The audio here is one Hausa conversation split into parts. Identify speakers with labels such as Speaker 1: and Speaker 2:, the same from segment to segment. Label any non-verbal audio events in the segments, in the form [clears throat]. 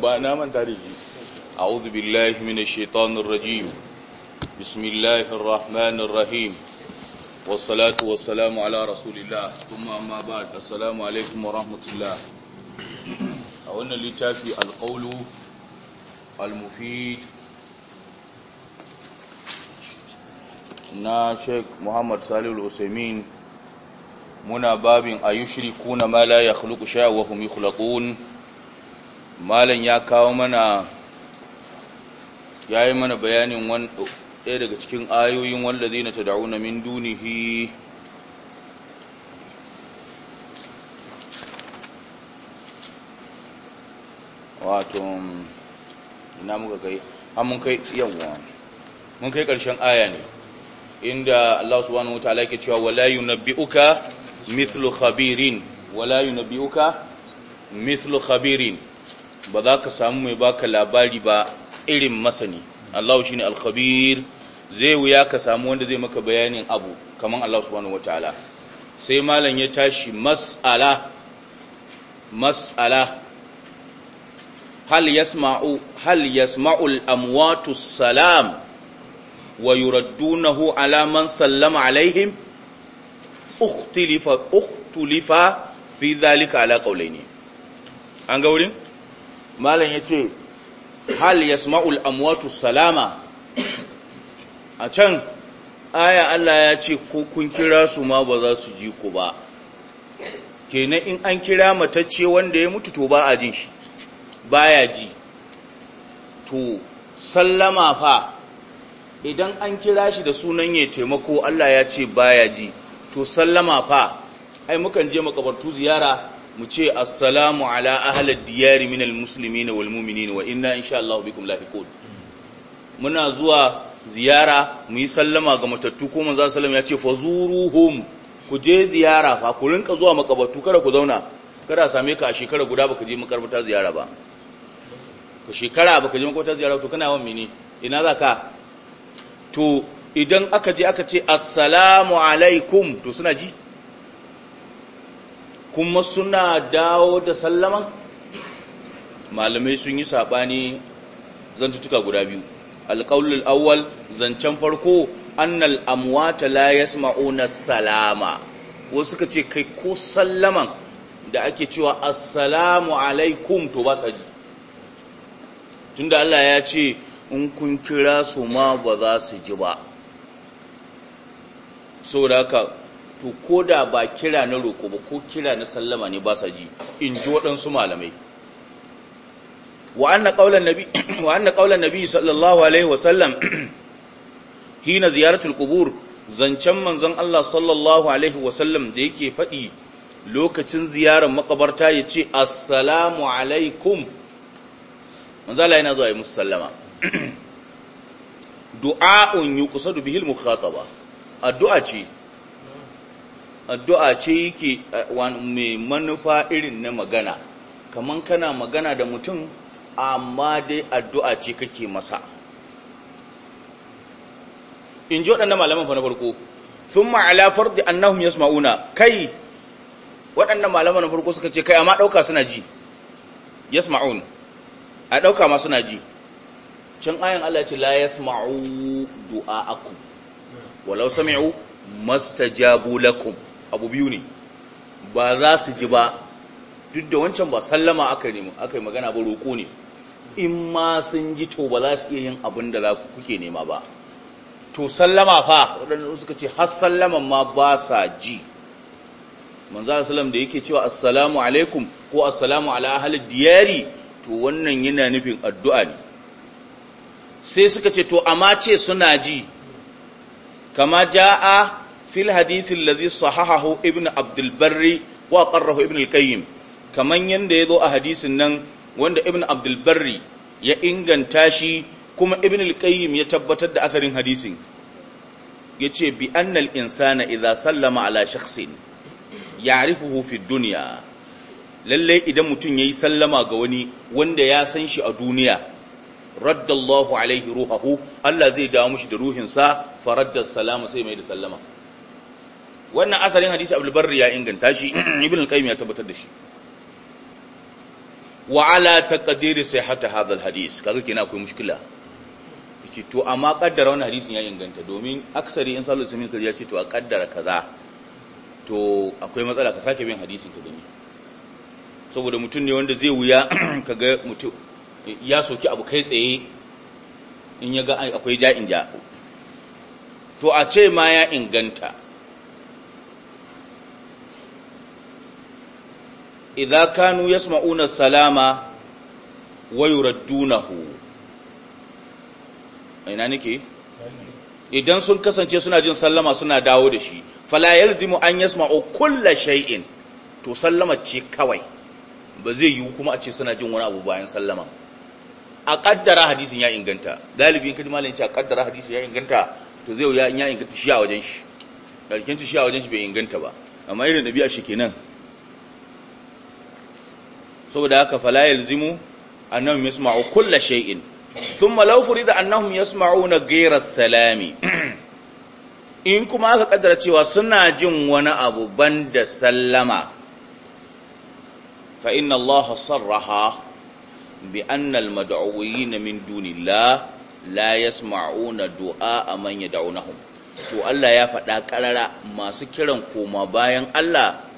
Speaker 1: بانامن تاريخي اعوذ بالله من الشيطان الرجيم بسم الله الرحمن الرحيم والصلاه والسلام على رسول الله ثم ما بعد السلام عليكم ورحمه الله اللي لتافي القول المفيد نا شيخ محمد صالح الوسيمين منا بابين ايشركون ما لا يخلق شيئا وهم يخلقون malam ya kawo mana ya yi mana bayanin ɗaya daga cikin ayoyin wallazi na ta da'una min dunihi wato ina muka kai an mun kai yawwa mun kai ƙarshen aya ne inda Allah subhanahu wa ta'ala yake cewa wala yunabbi'uka mithlu khabirin wala yunabbi'uka mithlu khabirin ba za ka samu mai baka labari ba irin masani allahu shine al-khabir zai wuya ka samu wanda zai maka bayanin abu kaman Allah subhanahu wataala sai malam ya tashi mas'ala mas'ala hal yasma'u hal yasma'u al-amwatu salam wa yuraddunahu ala man sallama alaihim ukhtulifa ukhtulifa fi dhalika ala qawlaini an ga wurin malam ya ce hal yasma'ul amwatu salama a can aya Allah ya ce ko kun kira su ma ba za su ji ku ba kenan in an kira matacce wanda ya mutu to ba a jin shi ya ji to sallama fa idan an kira shi da sunan ya taimako Allah ya ce baya ji to sallama fa ai mukan je makabartu ziyara mu ce assalamu ala ahalar diyari minal musulmi na walmumini wa inna insha Allah bikum lafiqun muna zuwa ziyara mu yi sallama ga matattu ko manzo sallama ya ce fazuruhum ku je ziyara fa ku rinka zuwa makabartu kada ku zauna kada same ka a shekara guda baka je makarbata ziyara ba ka shekara baka je makarbata ziyara to kana yawan mene ina za ka to idan aka je aka ce assalamu alaikum to suna ji kuma suna dawo da sallaman malamai sun yi saɓani zantuttuka guda biyu alƙaulul awwal zancen farko annal amwata la yasma'una salama wasu suka ce kai ko sallaman da ake cewa assalamu alaikum to ba saji tunda Allah ya ce in kun kira su ma ba za su ji ba saboda haka to ko da ba kira na roƙo ba ko kira na sallama ne ba sa ji in ji waɗansu malamai wa anna qaulan nabi [clears throat] wa anna qaulan nabi sallallahu alaihi wa sallam [clears throat] hina ziyaratul qubur zancen manzon Allah sallallahu alaihi wa sallam da yake faɗi lokacin ziyarar makabarta ya ce assalamu alaikum manzon Allah yana zuwa ya musu sallama [clears throat] du'a'un yuqsadu bihil mukhataba addu'a ce addu'a ce yake eh, mai manufa irin na magana kaman kana magana da mutum amma dai addu'a ce kake masa in ji waɗannan malaman fa na farko sun ma'ala fardi annahum yasma'una kai waɗannan malaman na farko suka ce kai amma ɗauka suna ji yasma'un a ɗauka ma suna ji can ayan Allah ce la du’a aku, walau sami'u mastajabu lakum abu biyu ne ba za su ji ba duk da wancan ba sallama aka aka yi magana ba roƙo ne in ma sun ji to ba za su iya yin abin da za kuke nema ba to sallama fa waɗanda suka ce har sallaman ma ba sa ji manzo sallam da yake cewa assalamu alaikum ko assalamu ala ahli diyari to wannan yana nufin addu'a ne sai suka ce to amma ce suna ji kama jaa fil hadith alladhi sahahahu ibn abdul barri wa qarrahu ibn al-qayyim kaman yanda yazo a hadisin nan wanda ibn abdul barri ya inganta shi kuma ibn al ya tabbatar da asarin hadisin yace bi annal insana idza sallama ala shakhsin ya'rifuhu fi dunya lalle idan mutum yayi sallama ga wani wanda ya san shi a duniya raddallahu alaihi ruhahu Allah zai dawo shi da ruhinsa faradda salama sai mai da sallama wannan asarin hadisi abul barri ya inganta shi [clears throat] ibn al-qayyim ya tabbatar da shi wa ala taqdiri sihhat hadha al-hadis kaga kina akwai mushkila yace to amma kaddara wannan hadisin ya inganta domin aksari in sallu sunni kaza yace to a kaddara kaza to akwai matsala ka sake bin hadisin ka gani saboda mutum ne wanda zai wuya [clears throat] kaga mutum ya soki abu kai tsaye in ya ga akwai ja'in ja to a ce ma ya inganta idza kanu yasma'una salama wa yuraddunahu ina nake idan sun kasance suna jin sallama suna dawo da shi fala yalzimu an yasma'u kulla shay'in to sallama ce kawai ba zai yiwu kuma a ce suna jin wani abu bayan sallama a kaddara hadisin ya inganta galibi kan malamin ce a kaddara hadisin ya inganta to zai ya inganta shi a wajen shi karkin shi a wajen shi bai inganta ba amma irin dabi'a shi kenan saboda haka fala yalzimu annahum yasma'u kulla shay'in thumma law furida annahum yasma'una ghayra salami [clears throat] in kuma aka kaddara cewa suna jin wani abu banda sallama fa inna Allah sarraha bi anna al-mad'uwina min dunillah la yasma'una du'a man yad'unahum to Allah ya faɗa ƙarara masu kiran koma bayan Allah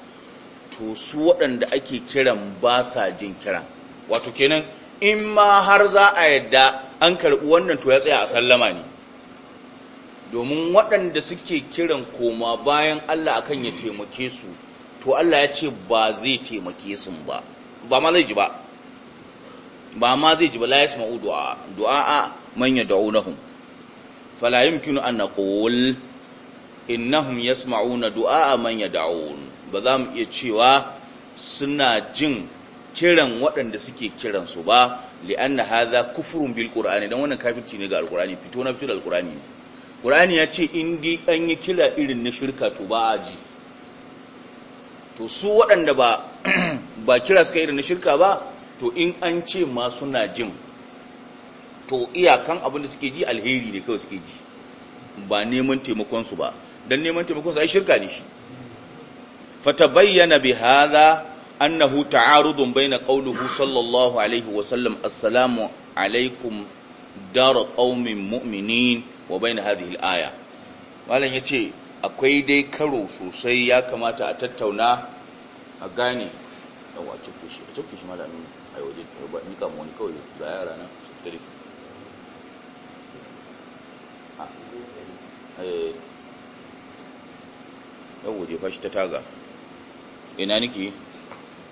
Speaker 1: to su waɗanda ake kiran ba sa jin kiran wato kenan in ma har za a yadda an karɓi wannan to ya tsaya a sallama ne domin waɗanda suke kiran koma bayan Allah akan ya taimake su to Allah ya ce ba zai taimake su ba ba ma zai ji ba ba ma zai ji ba la yasma'u du'a du'a man yad'unahum fala yumkinu an naqul innahum yasma'una du'a man yad'un ba za mu iya cewa suna jin kiran waɗanda suke kiran su ba li'anna hadha kufrun bil qur'ani dan wannan kafirci ne ga alqur'ani fito na fito da alqur'ani qur'ani ya ce in dai an yi kira irin na shirka to ba a ji to su waɗanda ba [clears throat] ba kira suka irin na shirka ba to in an ce ma suna jin to iyakan abin da suke ji alheri ne kawai suke ji ba neman taimakon su ba dan neman taimakon su ai shirka ne shi fatabayyana bi hadha annahu ta'arudun baina qawlihi sallallahu alaihi wa sallam assalamu alaikum dar qaumin mu'minin wa baina hadhihi al-aya malam yace akwai dai karo sosai ya kamata a tattauna a gane yawa cikin shi cikin shi malamin ai waje ba ni kama wani kawai da yara na tare a eh yau waje fashi ta taga ina nake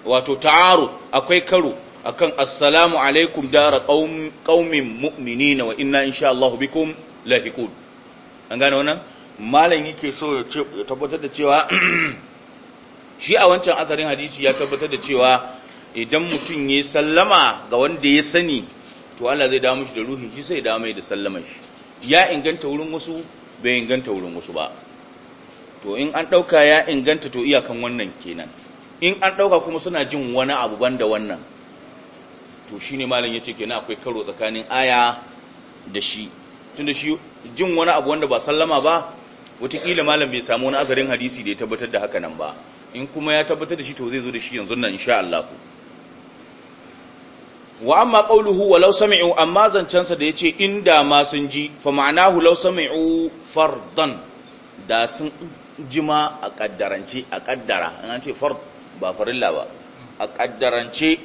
Speaker 1: wato ta'aru akwai karo akan assalamu alaikum dara qaumin mu'minina wa inna insha Allah bikum lahiqun an gane wannan malam yake so ya tabbatar da cewa [clears throat] shi a wancan azarin hadisi ya tabbatar da cewa idan mutum ya sallama ga wanda ya sani to Allah zai dawo mishi da ruhin shi sai ya dawo mai da sallaman shi ya inganta wurin wasu bai inganta wurin wasu ba to in an ɗauka ya inganta to iyakan wannan kenan in an ɗauka kuma suna jin wani abu banda wannan to shi ne malam ya ce kenan akwai karo tsakanin aya da shi tunda shi jin wani abu wanda ba sallama ba watakila malam bai samu wani azarin hadisi da ya tabbatar da haka nan ba in kuma ya tabbatar da shi to zai zo da shi yanzu nan insha Allah wa amma qawluhu law sami'u amma sa da yace inda ma sun ji fa ma'anahu law sami'u fardan da sun jima a kaddarance a kaddara an ce fard ba farilla ba a kaddarance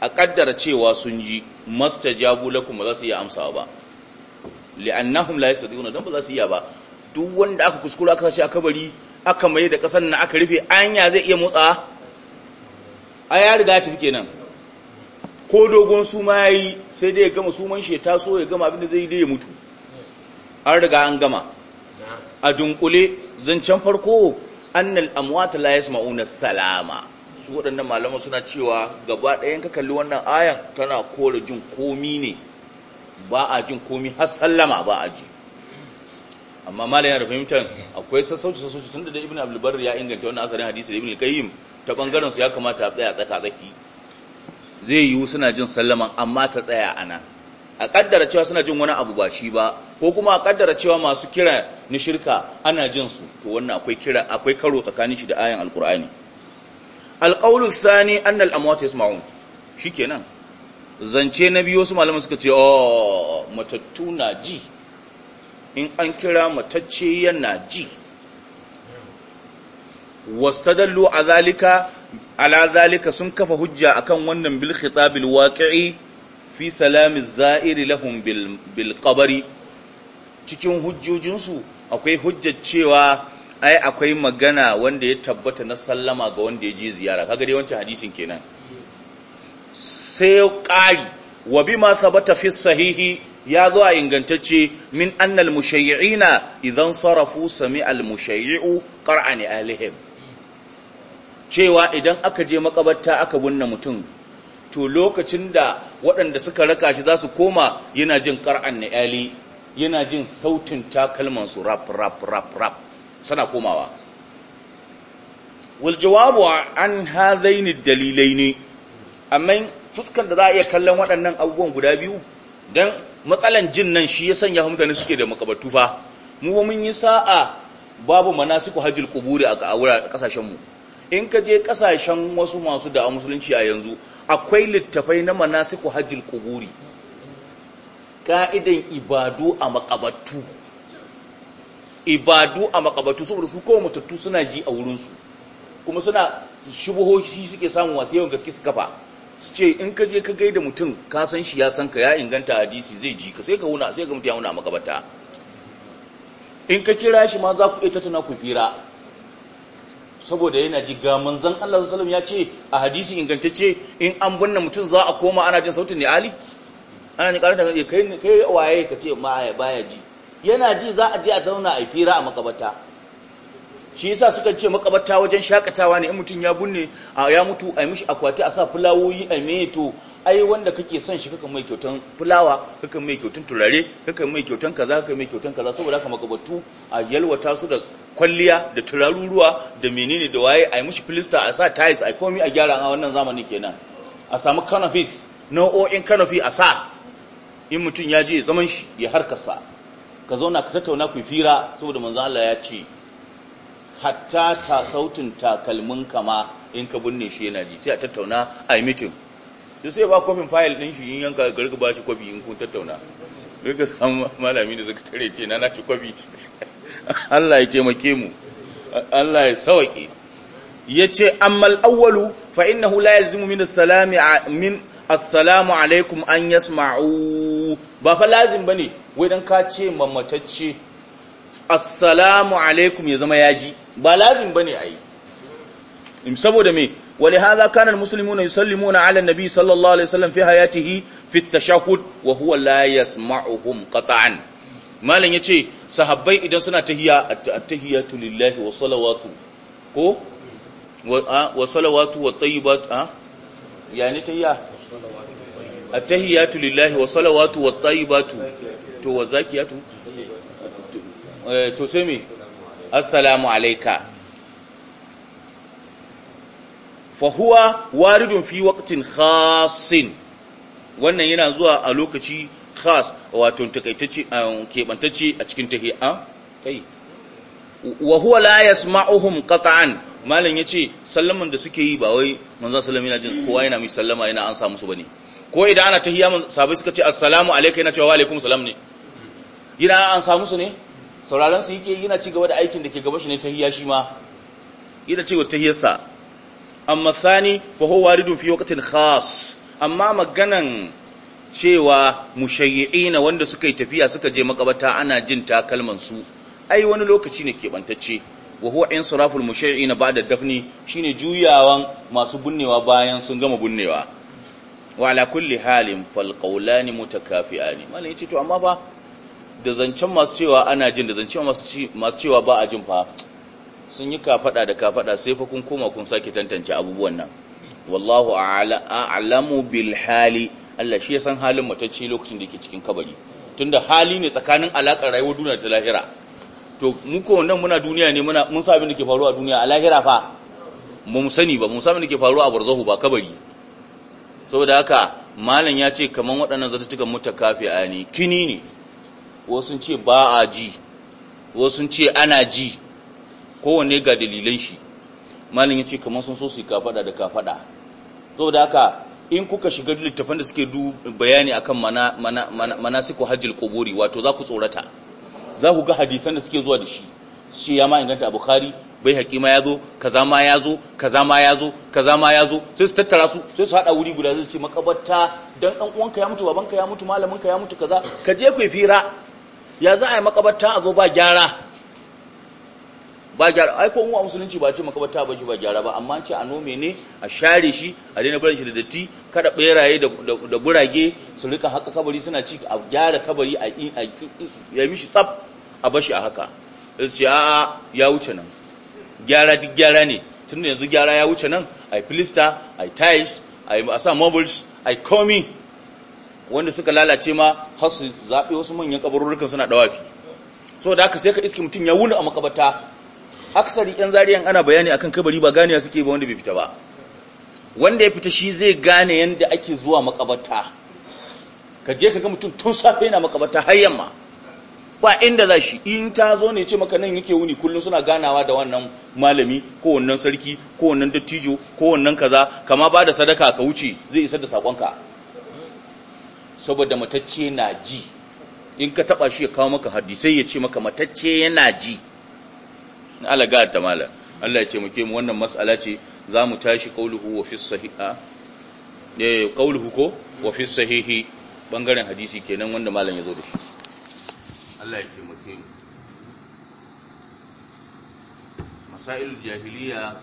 Speaker 1: a kaddara cewa sun ji mastajabu lakum ba za su iya amsawa ba li'annahum la yastati'una dan ba za su iya ba duk wanda aka kuskura aka sashi a kabari aka mai da kasan nan aka rufe anya zai iya motsa a ya riga tafi kenan ko dogon su ma yayi sai dai ya gama suman shi ya taso ya gama abin da zai dai ya mutu an riga an gama a dunkule zancen farko annal amwata la yasma'una salama su waɗannan malaman suna cewa gaba ɗayan ka kalli wannan ayan tana kore jin komi ne ba a jin komi har sallama ba a ji amma malam yana da fahimtar akwai sassauci sassauci tunda da ibnu abdul ya inganta wannan asarin hadisi da ibnu qayyim ta bangaren su ya kamata a tsaya tsaka tsaki zai yiwu suna jin sallaman amma ta tsaya anan a kaddara cewa suna jin wani abu ba shi ba ko kuma a kaddara cewa masu kira na shirka ana jin su to wannan akwai kira akwai karo tsakanin shi da ayan alqur'ani alqawlu thani anna al-amwat yasma'un shikenan zance na biyo su malaman suka ce oh matattu na ji in an kira matacce yana ji wastadallu a zalika ala zalika sun kafa hujja akan wannan bil khitabil waqi'i fi salami za'iri lahum bil qabri cikin hujjojinsu akwai hujjar cewa ai akwai magana wanda ya tabbata na sallama ga wanda ya je ziyara kaga dai wancan hadisin kenan sai ƙari wa bima thabata fi sahihi ya zo a ingantacce min annal mushayyi'ina idan sarafu sami al mushayyi'u qara'ani alihim cewa idan aka je makabarta aka bunna mutum to lokacin da waɗanda suka raka shi za su koma yana jin ƙar'an na yali yana jin sautin takalmansu rap rap rap rap sana komawa wal jawabu an hadaini dalilai ne amma fuskar da za a iya kallon waɗannan abubuwan guda biyu don matsalan jin nan shi ya sanya mutane suke da makabatu fa mu ba mun yi sa'a babu manasiku hajjul kuburi a kasashen mu in ka je ƙasashen wasu masu da musulunci a yanzu akwai littafai na manasiku hajjil kuburi ka'idan ibadu a makabattu ibadu a makabattu saboda su kowa mutattu suna ji a wurinsu kuma suna shubuhoshi suke samun wasu yawan gaske su kafa su ce in ka je ka gaida mutum ka san shi ya san ka ya inganta hadisi zai ji ka sai ka wuna sai ka mutu ya wuna a makabata in ka kira shi ma za ku iya tana ku fira saboda yana ji ga manzon Allah sallallahu Salam ya ce a hadisi ingantacce in an binne mutum za a koma ana jin sautin ne ana ni karanta kai kai waye ka ce ma baya ji yana ji za a je a zauna a fira a makabata shi yasa suka ce makabata wajen shakatawa ne in mutum ya bunne ya mutu a mishi akwati a sa fulawoyi a mai to ai wanda kake son shi kaka mai kyautan fulawa kaka mai kyautan turare kaka mai kyautan kaza kaka mai kyautan kaza saboda haka makabatu a yalwata su da kwalliya da turaruruwa da menene da waye a yi mushi filista a sa tiles a komi a gyara a wannan zamani kenan a samu canopies nau'o'in kanofi a sa in mutum ya je zaman shi ya harkasa. ka zauna ka tattauna ku fira saboda manzo Allah ya ce hatta ta sautin takalmin kama in ka binne shi yana ji sai a tattauna a yi meeting da sai ba kofin file din shi in yanka garga ba shi kwabi in kun tattauna duk malami da zaka tare ce na na ci kwabi Allah ya taimake mu Allah ya sauke yace ammal awwalu fa innahu la yalzimu min as-salami min assalamu alaikum an yasma'u ba fa lazim bane wai dan ka ce mamatacce assalamu alaikum ya zama yaji ba lazim bane ai saboda me ولهذا كان المسلمون يسلمون على النبي صلى الله عليه وسلم في حياته في التشهد وهو لا يسمعهم قطعا malam ce, sahabbai idan suna tahiya, at-tahiyatu lillahi wa salawatu ko wa salawatu wa tayyibat a yani tahiya? at-tahiyatu lillahi wa salawatu wa tayyibatu to wa zakiyatu eh, to sai me assalamu alayka fa huwa waridun fi waqtin khassin wannan yana zuwa a lokaci khas wato takaitacci keɓantacci a cikin tahiya. kai wa huwa la yasma'uhum qat'an malan yace sallaman da suke yi ba wai manzo sallama yana jin kowa yana mai sallama yana an samu su bane ko idan ana mun sabai suka ce assalamu alayka yana cewa wa alaikum salam ne yana an samu su ne sauraron su yake yana ci gaba da aikin da ke gaba shi ne tahiya shi ma yana cewa sa amma thani fa huwa waridun fi waqtin khas amma maganan cewa mushayyi'ina wanda suka yi tafiya suka je makabata ana jin takalman su ai wani lokaci ne keɓantacce wa huwa insiraful mushayyi'ina ba'da dafni shine juyawan masu bunnewa bayan sun gama bunnewa wa ala kulli halin fal qawlani mutakafi'ani mallan yace to amma ba da zancen masu cewa ana jin da zancen masu cewa ba a jin fa sun yi kafada da kafada sai fa kun koma kun sake tantance abubuwan nan wallahu a'lamu bil hali Allah shi ya san halin matacce lokacin da yake cikin kabari tunda hali ne tsakanin alakar rayuwar duniya ta lahira to mu ko nan muna duniya ne muna mun sa abin da ke faruwa a duniya a lahira fa mu sani ba mu sa da ke faruwa a barzahu ba kabari saboda haka malam ya ce kaman waɗannan zata mutakafi a ne kini ne wasu ce ba a ji wasu ce ana ji kowanne ga dalilan shi malam ya ce kaman sun so su yi kafaɗa da kafaɗa saboda haka in kuka shiga littafan da suke bayani akan mana mana mana siku hajjil kuburi wato za ku tsorata za ku ga hadisan da suke zuwa da shi shi ya ma inganta bukhari bai haƙi ya zo kaza ma ya zo kaza ma ya zo kaza ma ya zo sai su tattara su sai su haɗa wuri guda zai ce makabarta dan ɗan uwanka ya mutu babanka ya mutu ka ya mutu kaza ka je ku fira ya za a yi makabarta a zo ba gyara ba gyara ai ko a musulunci ba ce makabata ba shi ba gyara ba amma ce a nome ne a share shi a daina barin shi da datti kada beraye da gurage su rika haka kabari suna ci a gyara kabari a ya mishi tsaf a bashi a haka sai a ya wuce nan gyara duk gyara ne da yanzu gyara ya wuce nan ai filista, ai tiles ai a sa mobiles ai komi wanda suka lalace ma har su zaɓe wasu manyan kabarurrukan suna dawafi so da haka sai ka iske mutum ya wuni a makabata aksari yan zariyan ana bayani akan kabari ba ganiya suke ba wanda bai fita ba wanda ya fita shi zai gane yanda ake zuwa makabarta ka je ka ga mutum tun safe yana makabarta har yamma ba inda za shi in ta zo ne ce maka nan yake wuni kullum suna ganawa da wannan malami ko wannan sarki ko wannan dattijo ko wannan kaza kama ba da sadaka ka wuce zai isar da sakonka saboda matacce na ji in ka taba shi ya kawo maka sai ya ce maka matacce yana ji alaga ta malam Allah ya ce muke mu wannan mas'ala ce za mu tashi qauluhu wa fi sahiha eh qauluhu ko wa fi sahihi bangaren hadisi kenan wanda malam ya zo da shi Allah ya ce muke masailul jahiliya